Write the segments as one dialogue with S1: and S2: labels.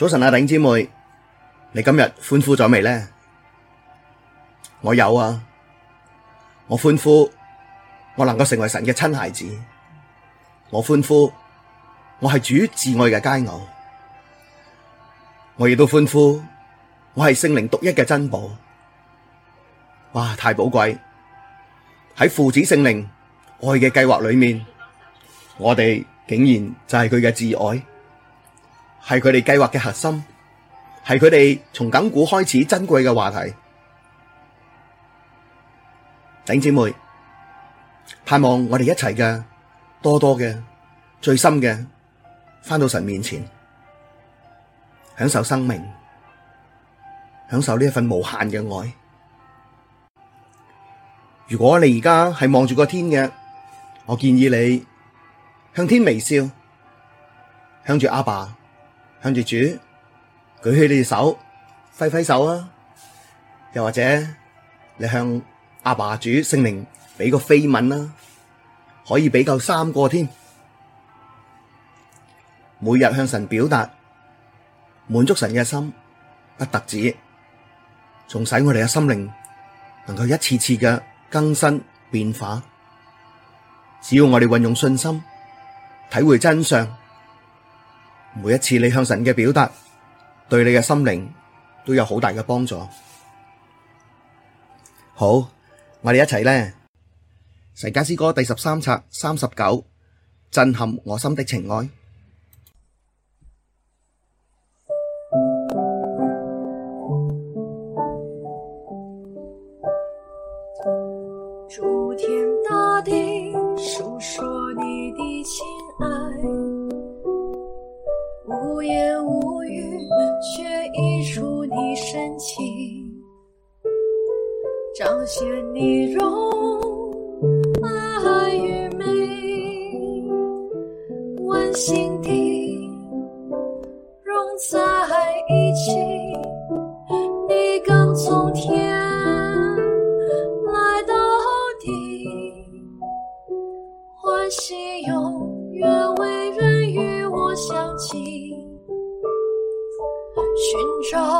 S1: 早晨啊，頂姊妹，你今日歡呼咗未呢？我有啊，我歡呼，我能夠成為神嘅親孩子，我歡呼，我係主至愛嘅佳偶，我亦都歡呼，我係聖靈獨一嘅珍寶。哇，太寶貴！喺父子聖靈愛嘅計劃裏面，我哋竟然就係佢嘅至愛。係佢哋計劃嘅核心，係佢哋從亙古開始珍貴嘅話題。弟姐妹，盼望我哋一齊嘅，多多嘅，最深嘅，返到神面前，享受生命，享受呢一份無限嘅愛。如果你而家係望住個天嘅，我建議你向天微笑，向住阿爸。向住主舉起你隻手，揮揮手啊！又或者你向阿爸主聖靈俾個飛吻啦，啊，可以俾夠三個添。每日向神表達，滿足神嘅心，不特止，仲使我哋嘅心靈能夠一次次嘅更新變化。只要我哋運用信心，體會真相。每一次你向神嘅表達，對你嘅心靈都有好大嘅幫助。好，我哋一齊咧，《神家詩歌》第十三冊三十九，震撼我心的情愛。
S2: 情彰顯你容愛與美，溫馨地融在一起。你剛從天來到地，歡喜永遠為人與我相記，尋找。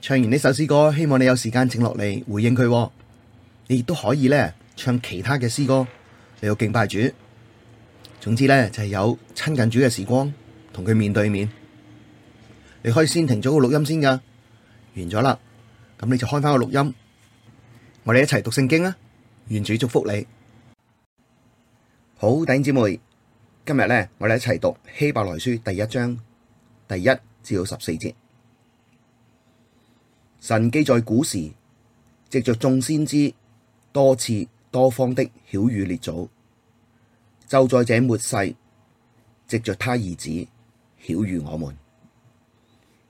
S1: 唱完呢首詩歌，希望你有時間靜落嚟，回應佢。你亦都可以呢，唱其他嘅詩歌，你要敬拜主。總之呢，就係、是、有親近主嘅時光，同佢面對面。你可以先停咗個錄音先噶，完咗啦，咁你就開翻個錄音。我哋一齊讀聖經啊！願主祝福你，好弟兄姊妹。今日咧，我哋一齊讀希伯來書第一章第一至十四節。神既在古時，藉着眾先知多次多方的曉諭列祖；就在這末世，藉着他兒子曉諭我們；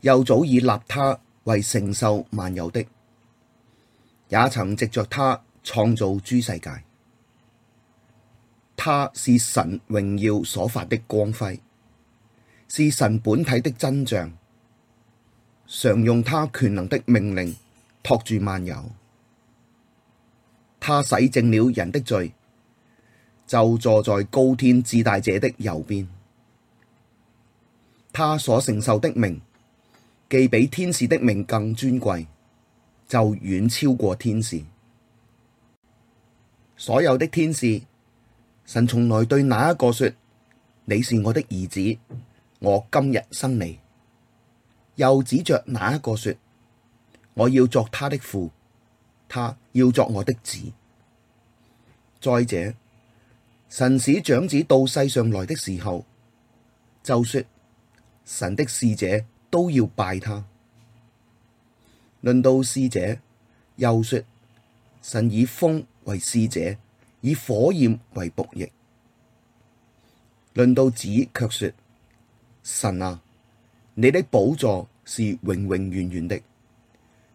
S1: 又早已立他為承受萬有的，也曾藉着他創造諸世界。他是神榮耀所發的光輝，是神本體的真像，常用他權能的命令托住萬有，他洗淨了人的罪，就坐在高天至大者的右邊。他所承受的名，既比天使的名更尊貴，就遠超過天使。所有的天使，神從來對哪一個說，你是我的兒子，我今日生你；又指着哪一個說，我要作他的父，他要作我的子。再者，神使長子到世上來的時候，就說，神的使者都要拜他。論到使者，又說，神以風為使者。以火焰為僕役，論到子卻說：神啊，你的寶座是永永遠遠的，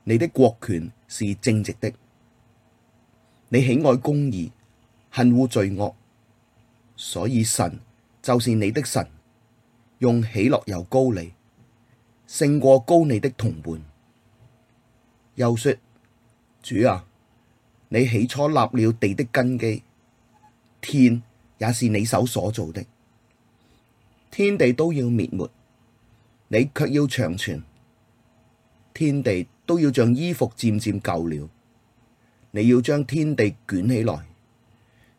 S1: 你的國權是正直的，你喜愛公義，恨惡罪惡，所以神就是你的神，用喜樂油膏你，勝過膏你的同伴。又說：主啊。你起初立了地的根基，天也是你手所造的。天地都要滅沒，你卻要長存。天地都要像衣服漸漸舊了，你要將天地捲起來，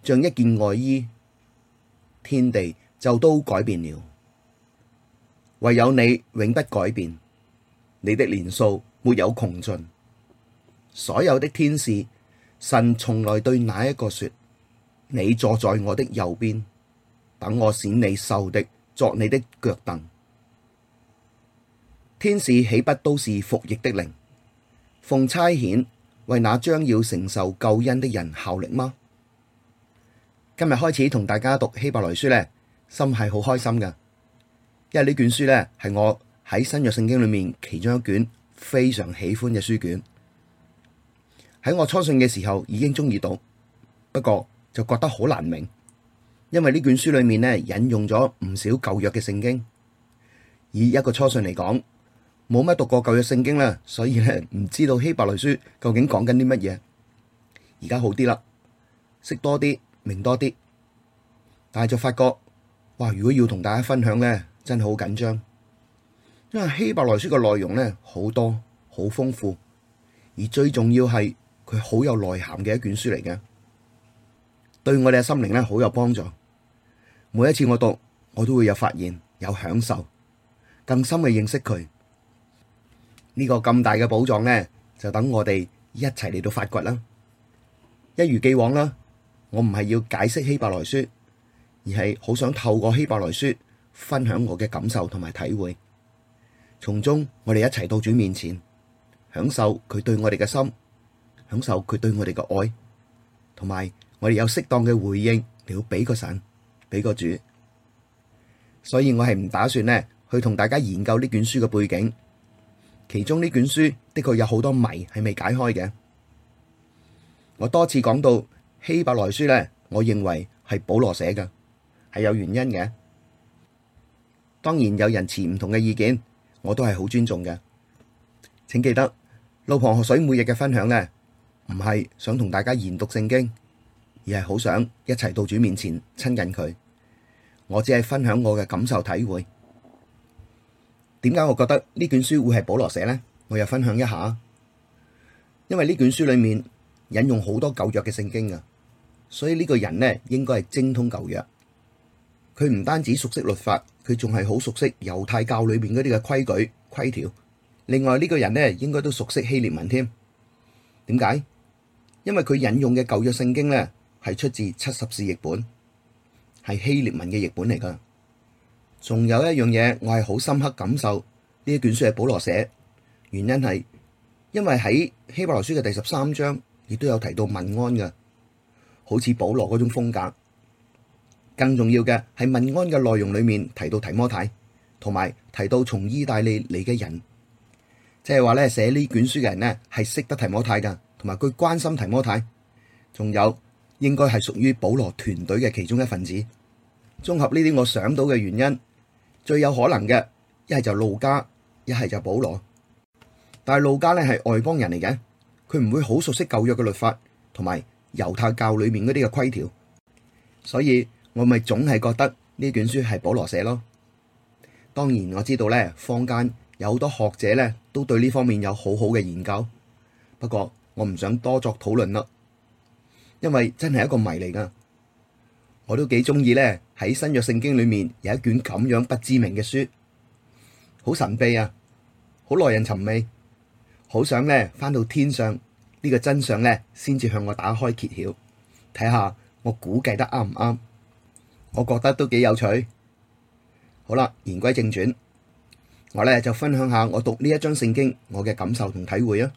S1: 像一件外衣，天地就都改變了。唯有你永不改變，你的年數沒有窮盡，所有的天使。神從來對哪一個說：你坐在我的右邊，等我使你仇敵作你的腳凳。天使豈不都是服役的靈，奉差遣為那將要承受救恩的人效力嗎？今日開始同大家讀希伯來書呢，心係好開心噶，因為呢卷書呢，係我喺新約聖經裏面其中一卷非常喜歡嘅書卷。喺我初信嘅時候已經中意到，不過就覺得好難明，因為呢卷書裏面呢引用咗唔少舊約嘅聖經，以一個初信嚟講，冇乜讀過舊約聖經啦，所以呢唔知道希伯來書究竟講緊啲乜嘢。而家好啲啦，識多啲，明多啲，但係就發覺，哇！如果要同大家分享呢，真係好緊張，因為希伯來書嘅內容呢好多，好豐富，而最重要係。佢好有內涵嘅一卷書嚟嘅，對我哋嘅心靈咧好有幫助。每一次我讀，我都會有發現，有享受，更深嘅認識佢呢個咁大嘅寶藏咧，就等我哋一齊嚟到發掘啦。一如既往啦，我唔係要解釋希伯來書，而係好想透過希伯來書分享我嘅感受同埋體會，從中我哋一齊到主面前享受佢對我哋嘅心。享受佢對我哋嘅愛，同埋我哋有適當嘅回應，你要俾個神，俾個主。所以我係唔打算咧去同大家研究呢卷書嘅背景。其中呢卷書的確有好多謎係未解開嘅。我多次講到希伯來書咧，我認為係保羅寫噶，係有原因嘅。當然有人持唔同嘅意見，我都係好尊重嘅。請記得路旁河水每日嘅分享咧。唔係想同大家研讀聖經，而係好想一齊到主面前親近佢。我只係分享我嘅感受體會。點解我覺得呢卷書會係保羅寫呢？我又分享一下。因為呢卷書裏面引用好多舊約嘅聖經啊，所以呢個人呢應該係精通舊約。佢唔單止熟悉律法，佢仲係好熟悉猶太教裏面嗰啲嘅規矩規條。另外呢個人呢應該都熟悉希臘文添。點解？因為佢引用嘅舊約聖經呢，係出自七十士譯本，係希臘文嘅譯本嚟噶。仲有一樣嘢，我係好深刻感受呢啲卷書係保羅寫，原因係因為喺希伯來書嘅第十三章亦都有提到問安噶，好似保羅嗰種風格。更重要嘅係問安嘅內容裏面提到提摩太，同埋提到從意大利嚟嘅人，即係話咧寫呢卷書嘅人呢，係識得提摩太噶。同埋佢關心提摩太，仲有應該係屬於保羅團隊嘅其中一份子。綜合呢啲我想到嘅原因，最有可能嘅一係就路加，一係就保羅。但係路加咧係外邦人嚟嘅，佢唔會好熟悉舊約嘅律法同埋猶太教裏面嗰啲嘅規條，所以我咪總係覺得呢卷書係保羅寫咯。當然我知道咧，坊間有好多學者咧都對呢方面有好好嘅研究，不過，我唔想多作討論啦，因為真係一個謎嚟噶。我都幾鍾意咧喺新約聖經裏面有一卷咁樣不知名嘅書，好神秘啊，好耐人尋味，好想咧翻到天上呢個真相咧，先至向我打開揭曉，睇下我估計得啱唔啱？我覺得都幾有趣。好啦，言歸正傳，我咧就分享下我讀呢一章聖經我嘅感受同體會啊！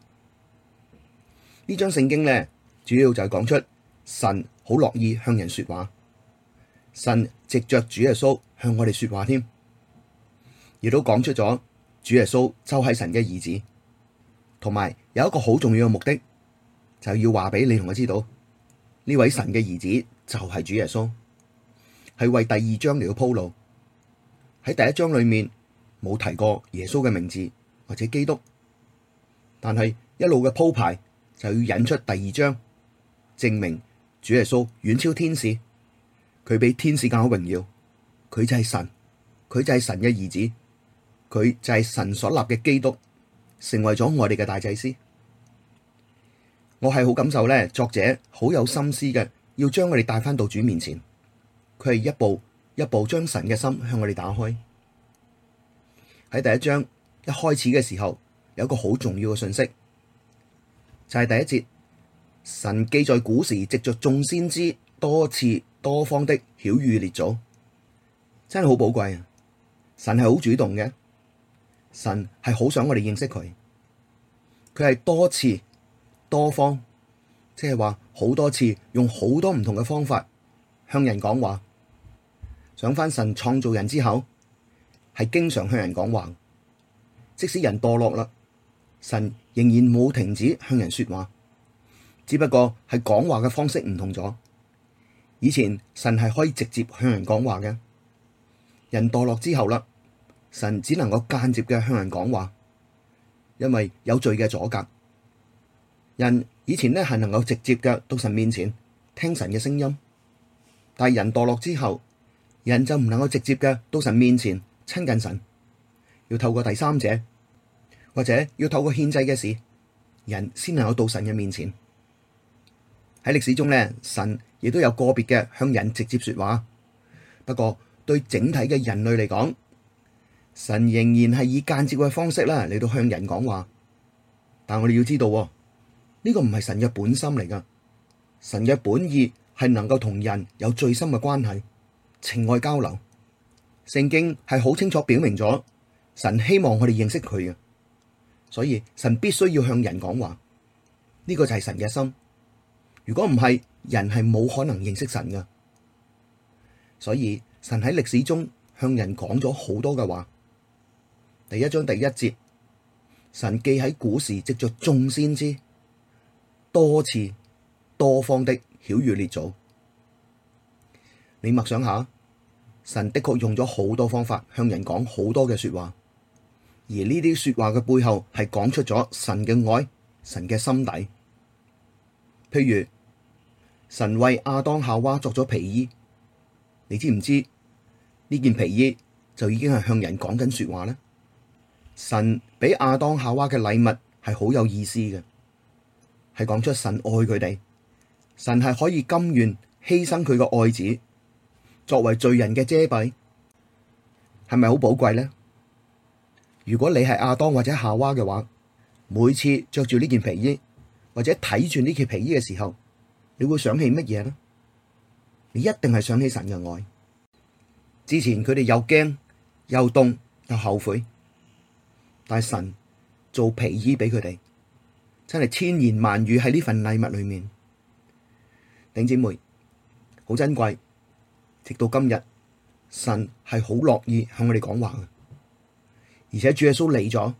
S1: 呢張聖經咧，主要就係講出神好樂意向人說話，神藉着主耶穌向我哋說話添，亦都講出咗主耶穌就係神嘅兒子，同埋有一個好重要嘅目的，就是、要話俾你同我知道呢位神嘅兒子就係主耶穌，係為第二章嚟到鋪路。喺第一章裏面冇提過耶穌嘅名字或者基督，但係一路嘅鋪排。就要引出第二章，證明主耶穌遠超天使，佢比天使更好榮耀，佢就係神，佢就係神嘅兒子，佢就係神所立嘅基督，成為咗我哋嘅大祭司。我係好感受咧，作者好有心思嘅，要將我哋帶翻到主面前，佢係一步一步將神嘅心向我哋打開。喺第一章一開始嘅時候，有一個好重要嘅信息。就係第一節，神既在古時藉着眾先知多次多方的曉諭列祖，真係好寶貴啊！神係好主動嘅，神係好想我哋認識佢，佢係多次多方，即係話好多次用好多唔同嘅方法向人講話。想返神創造人之後，係經常向人講話，即使人墮落啦，神，仍然冇停止向人說話，只不過係講話嘅方式唔同咗。以前神係可以直接向人講話嘅，人墮落之後啦，神只能夠間接嘅向人講話，因為有罪嘅阻隔。人以前呢係能夠直接嘅到神面前聽神嘅聲音，但係人墮落之後，人就唔能夠直接嘅到神面前親近神，要透過第三者。或者要透過獻祭嘅事，人先能夠到神嘅面前。喺歷史中咧，神亦都有個別嘅向人直接說話。不過對整體嘅人類嚟講，神仍然係以間接嘅方式啦嚟到向人講話。但我哋要知道呢、這個唔係神嘅本心嚟噶，神嘅本意係能夠同人有最深嘅關係、情愛交流。聖經係好清楚表明咗，神希望我哋認識佢嘅。所以神必須要向人講話，呢、這個就係神嘅心。如果唔係，人係冇可能認識神噶。所以神喺歷史中向人講咗好多嘅話。第一章第一節，神既喺古時藉著眾先知多次多方的曉諭列祖。你默想下，神的確用咗好多方法向人講好多嘅說話。而呢啲說話嘅背後係講出咗神嘅愛，神嘅心底。譬如神為亞當夏娃作咗皮衣，你知唔知呢件皮衣就已經係向人講緊說話呢？神俾亞當夏娃嘅禮物係好有意思嘅，係講出神愛佢哋，神係可以甘願犧牲佢個愛子作為罪人嘅遮蔽，係咪好寶貴呢？如果你係亞當或者夏娃嘅話，每次着住呢件皮衣，或者睇住呢件皮衣嘅時候，你會想起乜嘢呢？你一定係想起神嘅愛。之前佢哋又驚又凍，又後悔，但係神做皮衣俾佢哋，真係千言萬語喺呢份禮物裏面，頂姐妹好珍貴，直到今日，神係好樂意向我哋講話嘅而且主耶穌嚟咗，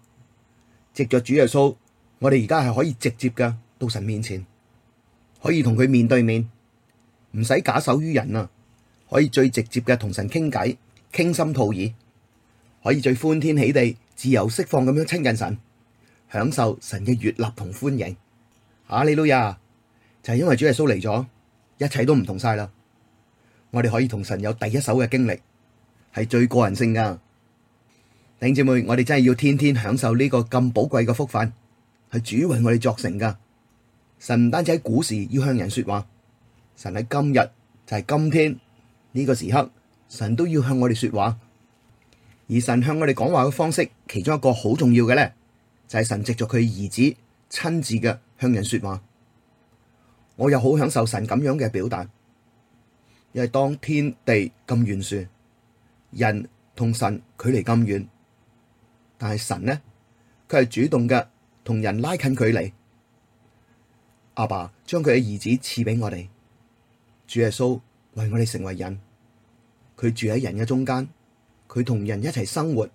S1: 藉着主耶穌，我哋而家係可以直接嘅到神面前，可以同佢面對面，唔使假手於人啊！可以最直接嘅同神傾偈、傾心吐意，可以最歡天喜地、自由釋放咁樣親近神，享受神嘅悅納同歡迎。哈利路亞，就係、是、因為主耶穌嚟咗，一切都唔同晒啦！我哋可以同神有第一手嘅經歷，係最個人性噶。弟兄姊妹，我哋真係要天天享受呢個咁寶貴嘅福分，係主為我哋作成噶。神唔單止喺古時要向人說話，神喺今日就係今天呢、就是這個時刻，神都要向我哋說話。而神向我哋講話嘅方式，其中一個好重要嘅咧，就係、是、神藉著佢兒子親自嘅向人說話。我又好享受神咁樣嘅表達，因為當天地咁懸殊，人同神距離咁遠。但係神呢？佢係主動嘅，同人拉近距離。阿爸將佢嘅兒子賜俾我哋，主耶穌為我哋成為人。佢住喺人嘅中間，佢同人一齊生活，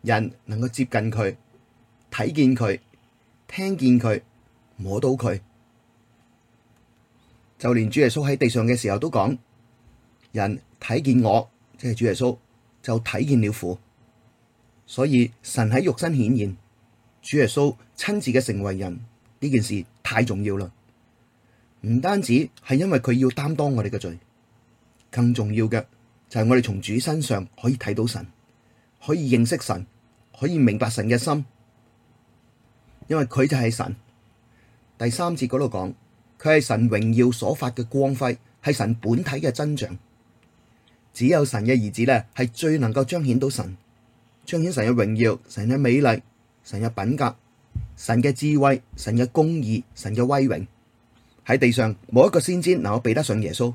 S1: 人能夠接近佢，睇見佢，聽見佢，摸到佢。就連主耶穌喺地上嘅時候都講：人睇見我，即係主耶穌，就睇見了父。所以神喺肉身顯現，主耶穌親自嘅成為人呢件事太重要啦。唔單止係因為佢要擔當我哋嘅罪，更重要嘅就係我哋從主身上可以睇到神，可以認識神，可以明白神嘅心，因為佢就係神。第三節嗰度講，佢係神榮耀所發嘅光輝，係神本體嘅真像，只有神嘅兒子咧，係最能夠彰顯到神。彰顯神嘅榮耀、神嘅美麗、神嘅品格、神嘅智慧、神嘅公義、神嘅威榮。喺地上冇一個先知能夠比得上耶穌。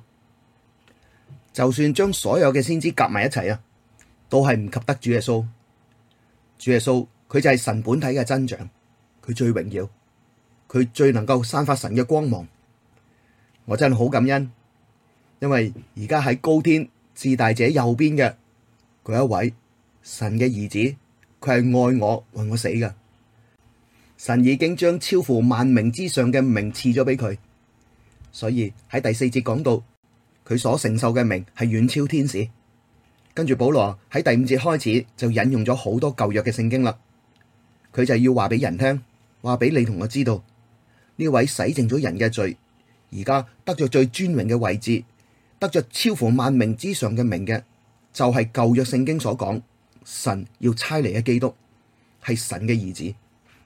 S1: 就算將所有嘅先知夾埋一齊啊，都係唔及得主耶穌。主耶穌佢就係神本體嘅真像，佢最榮耀，佢最能夠散發神嘅光芒。我真係好感恩，因為而家喺高天至大者右邊嘅嗰一位，神嘅兒子佢係愛我，為我死噶。神已經將超乎萬名之上嘅名賜咗俾佢，所以喺第四節講到佢所承受嘅名係遠超天使。跟住保羅喺第五節開始就引用咗好多舊約嘅聖經啦，佢就要話俾人聽，話俾你同我知道，呢位洗淨咗人嘅罪，而家得咗最尊榮嘅位置，得咗超乎萬名之上嘅名嘅，就係舊約聖經所講。神要差嚟嘅基督係神嘅兒子，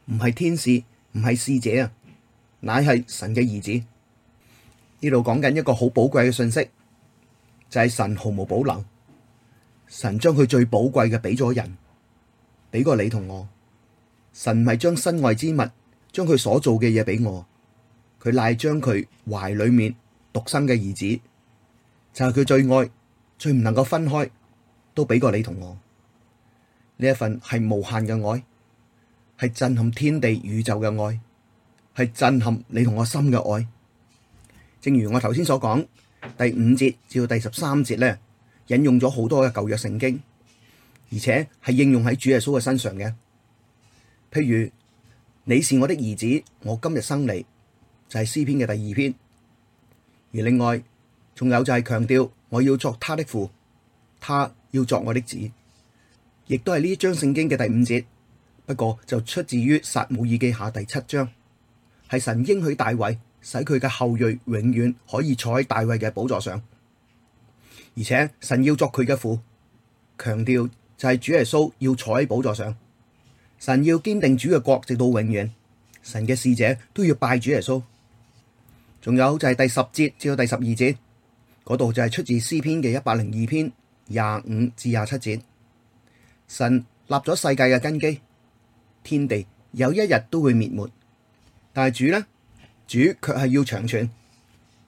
S1: 唔係天使，唔係使者啊，乃係神嘅兒子。呢度講緊一個好寶貴嘅信息，就係、是、神毫無保留，神將佢最寶貴嘅俾咗人，俾過你同我。神唔係將身外之物，將佢所做嘅嘢俾我，佢賴將佢懷裏面獨生嘅兒子，就係、是、佢最愛，最唔能夠分開，都俾過你同我。呢一份係無限嘅愛，係震撼天地宇宙嘅愛，係震撼你同我心嘅愛。正如我頭先所講，第五節至到第十三節咧，引用咗好多嘅舊約聖經，而且係應用喺主耶穌嘅身上嘅。譬如你是我的兒子，我今日生你，就係詩篇嘅第二篇。而另外仲有就係強調，我要作他的父，他要作我的子。亦都係呢張聖經嘅第五節，不過就出自於撒母耳記下第七章，係神應許大衛，使佢嘅後裔永遠可以坐喺大衛嘅寶座上，而且神要作佢嘅父。強調就係主耶穌要坐喺寶座上，神要堅定主嘅國直到永遠，神嘅使者都要拜主耶穌。仲有就係第十節至到第十二節，嗰度就係出自詩篇嘅一百零二篇廿五至廿七節。神立咗世界嘅根基，天地有一日都會滅沒，但係主呢，主卻係要長存。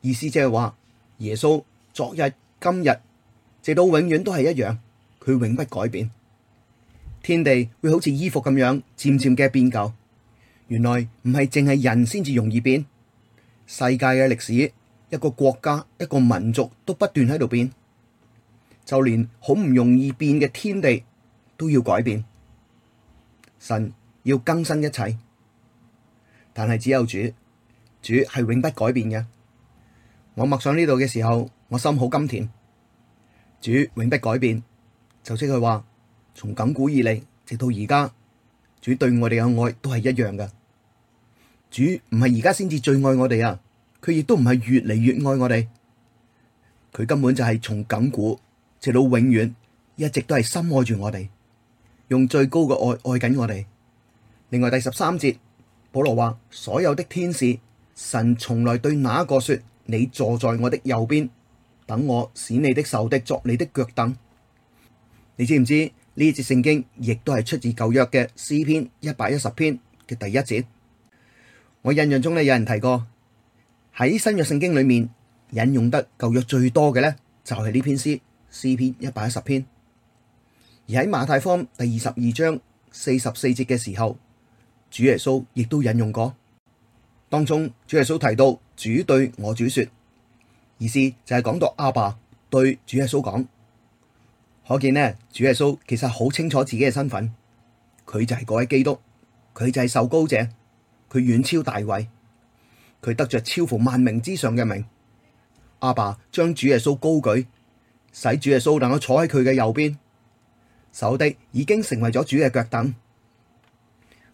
S1: 意思即係話耶穌昨日、今日，直到永遠都係一樣，佢永不改變。天地會好似衣服咁樣，漸漸嘅變舊。原來唔係淨係人先至容易變，世界嘅歷史，一個國家、一個民族都不斷喺度變，就連好唔容易變嘅天地。都要改變，神要更新一切，但係只有主，主係永不改變嘅。我默想呢度嘅時候，我心好甘甜。主永不改變，就即係話，從亙古以嚟直到而家，主對我哋嘅愛都係一樣嘅。主唔係而家先至最愛我哋啊，佢亦都唔係越嚟越愛我哋，佢根本就係從亙古直到永遠，一直都係深愛住我哋。用最高嘅愛愛緊我哋。另外第十三節，保羅話：所有的天使，神從來對哪個說：你坐在我的右邊，等我使你的仇敵，作你的腳凳。你知唔知呢節聖經亦都係出自舊約嘅詩篇一百一十篇嘅第一節？我印象中咧，有人提過喺新約聖經裏面引用得舊約最多嘅呢，就係、是、呢篇詩，詩篇一百一十篇。而喺馬太方第二十二章四十四節嘅時候，主耶穌亦都引用過。當中，主耶穌提到主對我主說，意思就係講到阿爸對主耶穌講。可見呢，主耶穌其實好清楚自己嘅身份，佢就係嗰位基督，佢就係受高者，佢遠超大衛，佢得着超乎萬名之上嘅名。阿爸將主耶穌高舉，使主耶穌能夠坐喺佢嘅右邊。手的已經成為咗主嘅腳凳，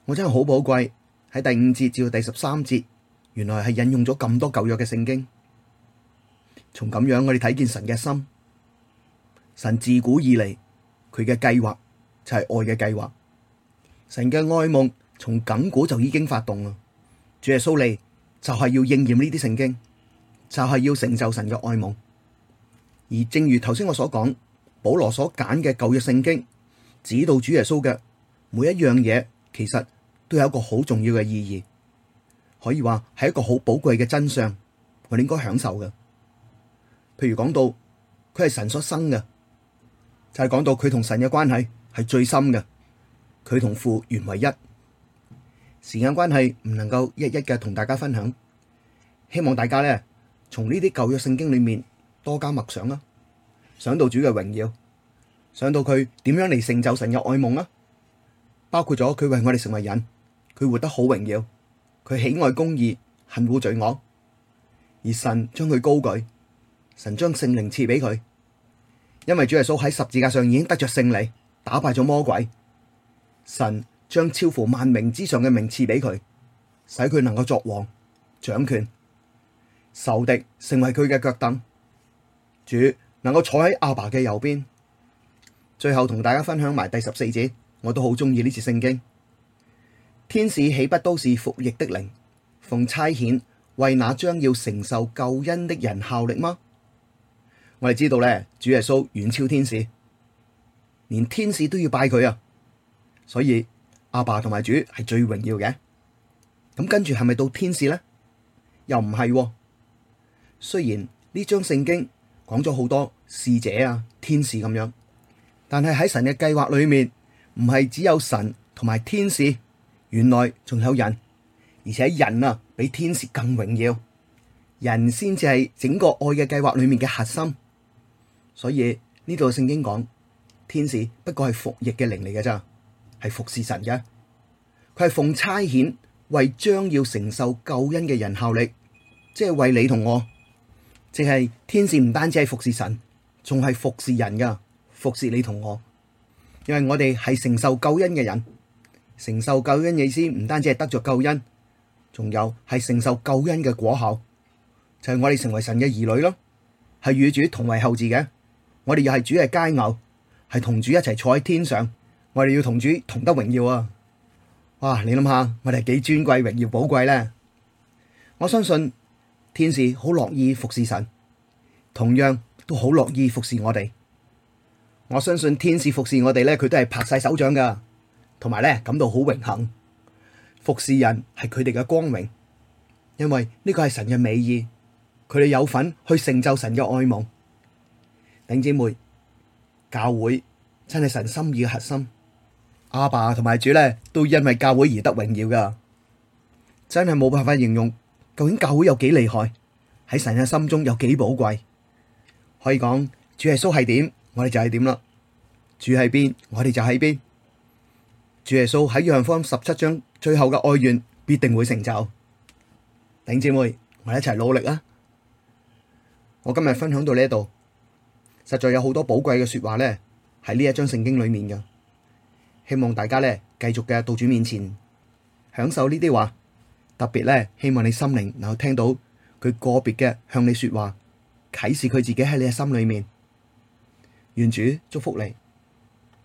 S1: 我真係好寶貴。喺第五節至到第十三節，原來係引用咗咁多舊約嘅聖經。從咁樣我哋睇見神嘅心，神自古以嚟佢嘅計劃就係愛嘅計劃，神嘅愛夢從亙古就已經發動啦。主耶穌嚟就係要應驗呢啲聖經，就係、是、要成就神嘅愛夢。而正如頭先我所講。保羅所揀嘅舊約聖經指到主耶穌嘅每一樣嘢，其實都有一個好重要嘅意義，可以話係一個好寶貴嘅真相，我哋應該享受嘅。譬如講到佢係神所生嘅，就係講到佢同神嘅關係係最深嘅，佢同父原為一。時間關係唔能夠一一嘅同大家分享，希望大家呢，從呢啲舊約聖經裏面多加默想啦。想到主嘅榮耀，想到佢點樣嚟，成就神嘅愛夢啦，包括咗佢為我哋成為人，佢活得好榮耀，佢喜愛公義，恨惡罪惡，而神將佢高舉，神將聖靈賜俾佢，因為主耶穌喺十字架上已經得着勝利，打敗咗魔鬼，神將超乎萬名之上嘅名賜俾佢，使佢能夠作王、掌權、仇敵成為佢嘅腳凳。主，能夠坐喺阿爸嘅右邊，最後同大家分享埋第十四節，我都好中意呢節聖經。天使豈不都是服役的靈，奉差遣為那將要承受救恩的人效力嗎？我哋知道咧，主耶穌遠超天使，連天使都要拜佢啊！所以阿爸同埋主係最榮耀嘅。咁跟住係咪到天使咧？又唔係啊。雖然呢張聖經。講咗好多使者啊、天使咁樣，但係喺神嘅計劃裏面，唔係只有神同埋天使，原來仲有人，而且人啊比天使更榮耀，人先至係整個愛嘅計劃裏面嘅核心。所以呢度嘅聖經講，天使不過係服役嘅靈嚟嘅咋，係服侍神嘅，佢係奉差遣為將要承受救恩嘅人效力，即係為你同我。即係天使唔單止係服侍神，仲係服侍人噶服侍你同我。因為我哋係承受救恩嘅人，承受救恩意思唔單止係得着救恩，仲有係承受救恩嘅果效，就係、是、我哋成為神嘅兒女咯，係與主同為後嗣嘅。我哋又係主嘅佳偶，係同主一齊坐喺天上。我哋要同主同得榮耀啊！哇，你諗下，我哋係幾尊貴榮耀寶貴咧！我相信。天使好樂意服侍神，同樣都好樂意服侍我哋。我相信天使服侍我哋咧，佢都係拍晒手掌噶，同埋咧感到好榮幸。服侍人係佢哋嘅光榮，因為呢個係神嘅美意，佢哋有份去成就神嘅愛慕。弟兄姊妹，教會真係神心意嘅核心。阿爸同埋主咧都因為教會而得榮耀噶，真係冇辦法形容。究竟教會有幾厲害？喺神嘅心中有幾寶貴？可以講，主耶穌係點，我哋就係點啦。住喺邊，我哋就喺邊。主耶穌喺約翰福音十七章最後嘅愛願必定會成就。弟兄姊妹，我哋一齊努力啦！我今日分享到呢一度，實在有好多寶貴嘅說話咧，喺呢一章聖經裏面嘅。希望大家咧繼續嘅到主面前，享受呢啲話。特別呢，希望你心靈能夠聽到佢個別嘅向你說話，啟示佢自己喺你嘅心裏面，願主祝福你。